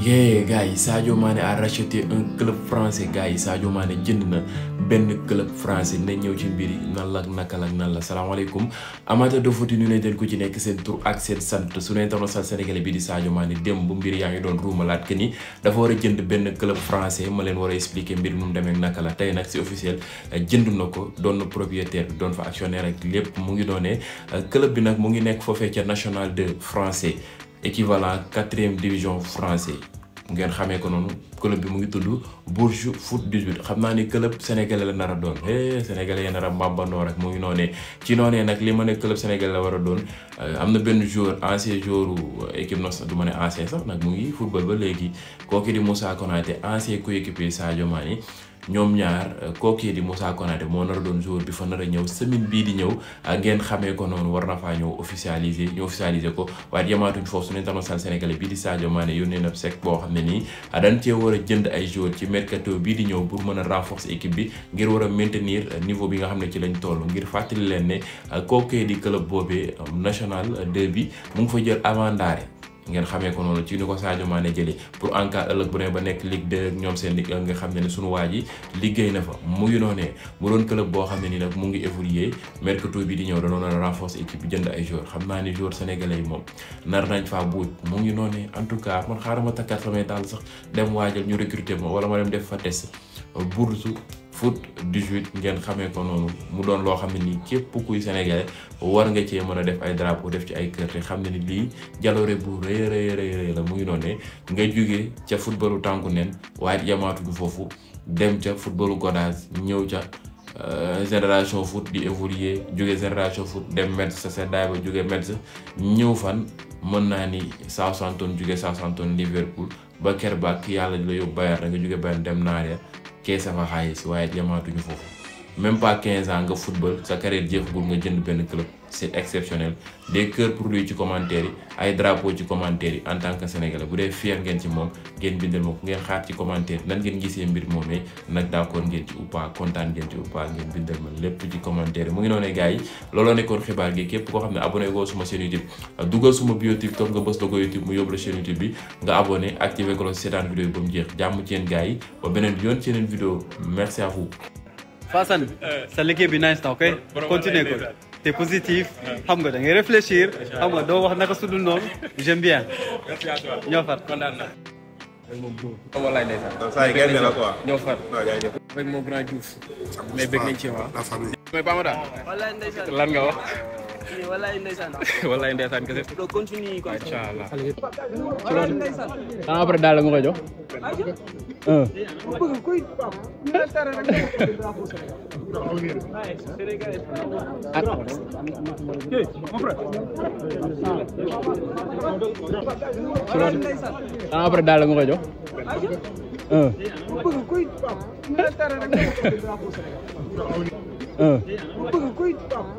yee gars yi Sadio Mané a racheté un club français gars yi Sadio Mané jënd na benn club français ne ñëw ci mbir yi nan la naka la nan la salaamaaleykum amateur de foot ñu ne leen ku ci nekk seen tur ak seen sant suñu international sénégalais bi di Sadio Mané démb bu mbir yaa ngi doon ruumalaat que ni dafa war a jënd benn club français ma leen war a expliquer mbir nu mu demee naka la tey nag si officiel eh, jënd na ko doon na propriétaire bi doon fa actionnaire ak lépp mu ngi doonee eh, club bi nag mu ngi nekk foofee ca national de français. équivalent quatrième division français ngeen xamee ko noonu club bi mu ngi tudd Bourges Foot 18 xam naa ni club sénégalais la nar doon eh sénégalais ya nar a mbàmbandoo rek mu ngi noonee ci noonee nag li ma ne club sénégalais la war a doon euh, am na benn joueur ancien joueur euh, équipe nationale du ma ne ancien sax nag mu ngi football ba léegi kooku di Moussa Konaté ancien coéquipier Sadio yi ñoom ñaar euh, kookee di Moussa Konaté moo nar a doon joueur bi fa nar ñëw semaine bii di ñëw euh, ngeen xamee ko noonu war na faa ñëw officialiser ñu officialiser ko waaye yamaatuñ foofu suñu international sénégalais bii di Sadio Mané yónnee na sec boo xam ne nii euh, dañ cee war a jënd ay joueur ci mercato bii di ñëw pour mën a renforcer équipe bi ngir war a maintenir niveau bi nga xam ne ci lañ toll ngir fàttali leen ne kookee di club boobee national 2 bi mu ngi fa jël Avant Ndare ngeen xamee ko noonu ci ni ko Sadio Mané jëlee pour en ëllëg bu ne ba nekk Ligue 2 ñoom seen ligue nga xam ne ne suñu waa ji liggéey na fa mu ngi noonee mu doon club boo xam ne ni nag mu ngi évoluer mercato bi di ñëw danoon a renforcer équipe bi jënd ay joueurs xam naa ni joueurs sénégalais yi moom nar nañ faa buut mu ngi noonee en tout cas man xaaral ma takkaat samay daal sax dem waajal ñu recruter ma wala ma dem def fa test bourse foot 18 ngeen xamee ko noonu mu doon loo xam ne nii képp kuy sénégalais war nga cee mën a def ay drapeau def ci ay kër te xam ne ni lii jaloore bu rëy rëy rëy la mu ngi noonu ne nga jóge ca footballu tànku neen waaye yamaatuñu foofu dem ca footballu godage ñëw ca euh, génération foot di évoluer jóge génération foot dem Metz sa seddaay ba jóge Metz ñëw fan mën naa ni Southampton jóge Southampton Liverpool ba ki yàlla la yóbbu Bayern nga jóge Bayern dem keesa fa xaalis waaye jamaatuñu foofu même par 15 ans nga football sa carrière jeexagul nga jënd benn club c'est exceptionnel des cœurs pour ci commentaire yi ay drapeaux ci commentaire yi tant que sénégalais bu dee fier ngeen ci moom ngeen bindal ma ko ngeen xaar ci commentaire nan ngeen gisee mbir moomee nag d'accord ngeen ci kontaan ngeen ci ou lépp ci commentaire mu ngi noonee gars yi looloo nekkoon xibaar gi képp koo xam ne abonné goo suma chaîne YouTube dugal suma bio TikTok nga bës logo YouTube mu yóbbu la chaîne YouTube bi nga abonné activé ko seetaan vidéo yi ba jeex jàmm ci yéen gars yi ba beneen yoon ci yeneen vidéo merci à vous Fassane eh. sa liggéey bi nice na ok continue ko te positif xam nga da ngay réfléchir xam nga doo wax naka su dul noonu j'aime bien ñoo far kontaan naa ah. wallaay ndeysaan saa yi gerte la quoi ñoo far avec mon grand Diouf mais bëgg nañ ci waa mais Bamada lan nga wax eh, wallaay ndeysaan wallaay ndeysaan kese do continue quoi incha allah après daal a nga koy jox bëgg koy après daal la nga koy jox bëgg kuy taw. ah.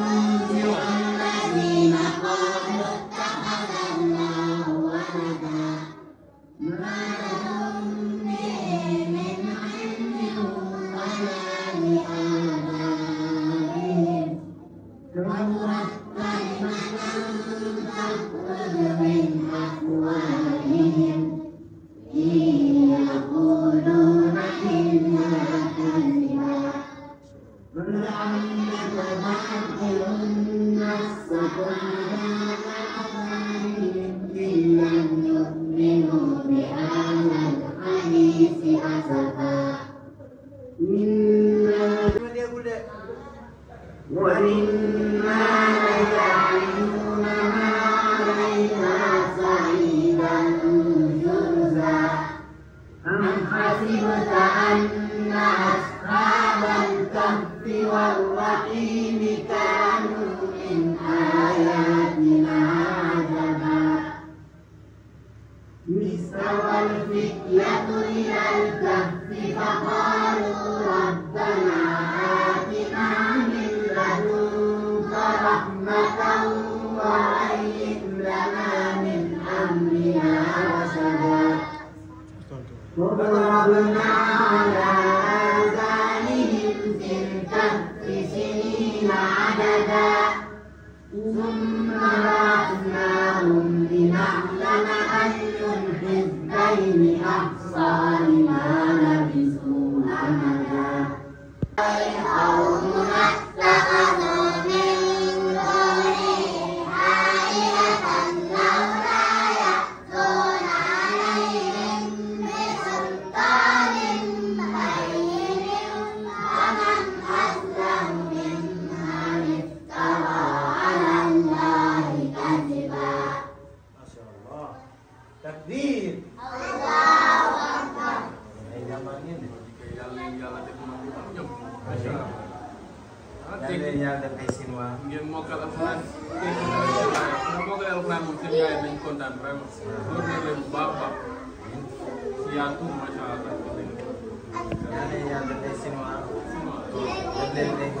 Thank you. والفتية إلى الكهف فقالوا ربنا آتنا من لدنك رحمة وهيئ لنا من أمرنا رشدا وضربنا على العين أقصى لما لبثوا أمدا ويرعون السماء yàlla leen yàlla def na lu am ñoom. macha ah, allah. yàlla leen yàlla def ay Sinwaa. ngeen mokkal alxuraan. ngeen mokkal alxuraan. ndax mokkal alxuraan moom seen yaay nañ kontaan vraiment. loolu la leen bu baax a baax. yaa tuur macha allah. yàlla leen yàlla def ay Sinwaa. Sinwaa def leen ay.